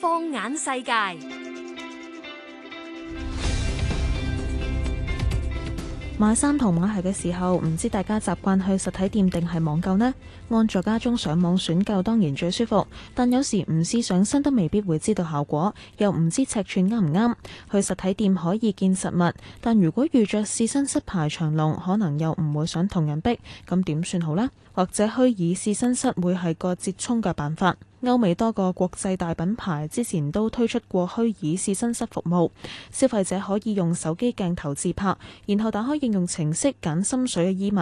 放眼世界。買衫同買鞋嘅時候，唔知大家習慣去實體店定係網購呢？安在家中上網選購當然最舒服，但有時唔試上身都未必會知道效果，又唔知尺寸啱唔啱。去實體店可以見實物，但如果遇着試身室排長龍，可能又唔會想同人逼，咁點算好呢？或者虛擬試身室會係個折衷嘅辦法。歐美多個國際大品牌之前都推出過虛擬試身室服務，消費者可以用手機鏡頭自拍，然後打開應用程式揀心水嘅衣物，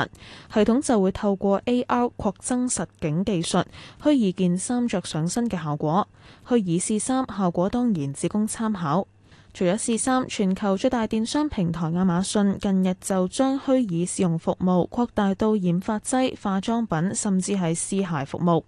系統就會透過 AR 擴增實景技術，虛擬件衫着上身嘅效果。虛擬試衫，效果當然只供參考。除咗試衫，全球最大電商平台亞馬遜近日就將虛擬試用服務擴大到染髮劑、化妝品，甚至係試鞋服務。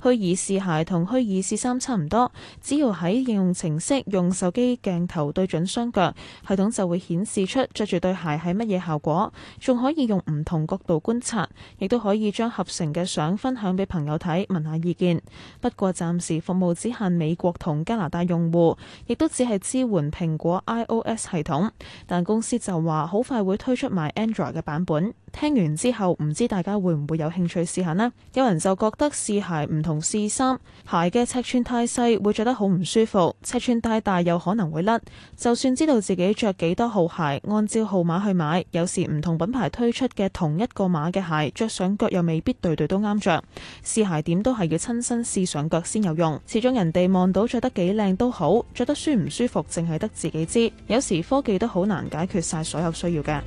虛擬試鞋同虛擬試衫差唔多，只要喺應用程式用手機鏡頭對準雙腳，系統就會顯示出着住對鞋係乜嘢效果，仲可以用唔同角度觀察，亦都可以將合成嘅相分享俾朋友睇，問下意見。不過暫時服務只限美國同加拿大用戶，亦都只係支援蘋果 iOS 系統，但公司就話好快會推出埋 Android 嘅版本。聽完之後，唔知大家會唔會有興趣試下呢？有人就覺得試鞋唔同試衫，鞋嘅尺寸太細會着得好唔舒服，尺寸太大，大又可能會甩。就算知道自己着幾多號鞋，按照號碼去買，有時唔同品牌推出嘅同一個碼嘅鞋，着上腳又未必對對都啱着。試鞋點都係要親身試上腳先有用。始終人哋望到着得幾靚都好，着得舒唔舒服，淨係得自己知。有時科技都好難解決晒所有需要嘅。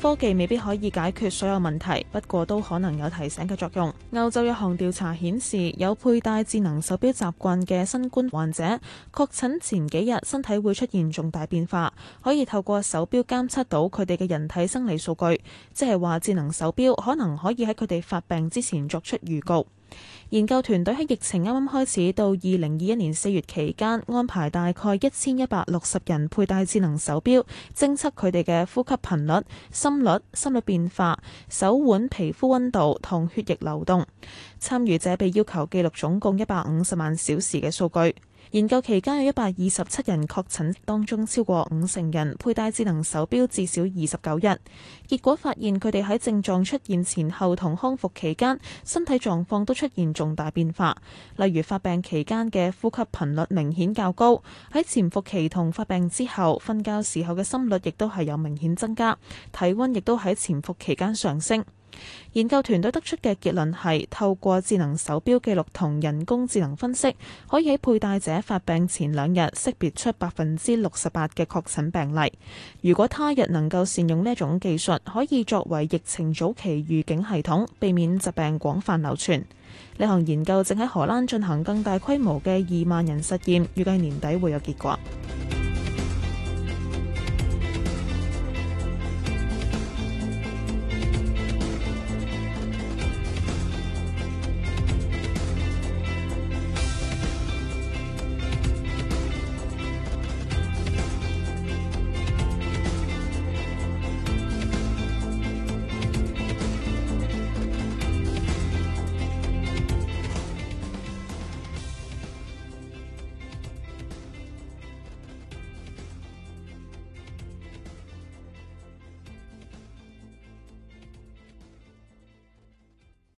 科技未必可以解決所有問題，不過都可能有提醒嘅作用。歐洲一項調查顯示，有佩戴智能手錶習慣嘅新冠患者，確診前幾日身體會出現重大變化，可以透過手錶監測到佢哋嘅人體生理數據，即係話智能手錶可能可以喺佢哋發病之前作出預告。研究團隊喺疫情啱啱開始到二零二一年四月期間，安排大概一千一百六十人佩戴智能手錶，偵測佢哋嘅呼吸頻率、心率、心率變化、手腕皮膚溫度同血液流動。參與者被要求記錄總共一百五十萬小時嘅數據。研究期間有一百二十七人確診，當中超過五成人佩戴智能手錶至少二十九日。結果發現，佢哋喺症狀出現前後同康復期間，身體狀況都出現重大變化，例如發病期間嘅呼吸頻率明顯較高，喺潛伏期同發病之後瞓覺時候嘅心率亦都係有明顯增加，體温亦都喺潛伏期間上升。研究團隊得出嘅結論係透過智能手錶記錄同人工智能分析，可以喺佩戴者發病前兩日識別出百分之六十八嘅確診病例。如果他日能夠善用呢一種技術，可以作為疫情早期預警系統，避免疾病廣泛流傳。呢項研究正喺荷蘭進行更大規模嘅二萬人實驗，預計年底會有結果。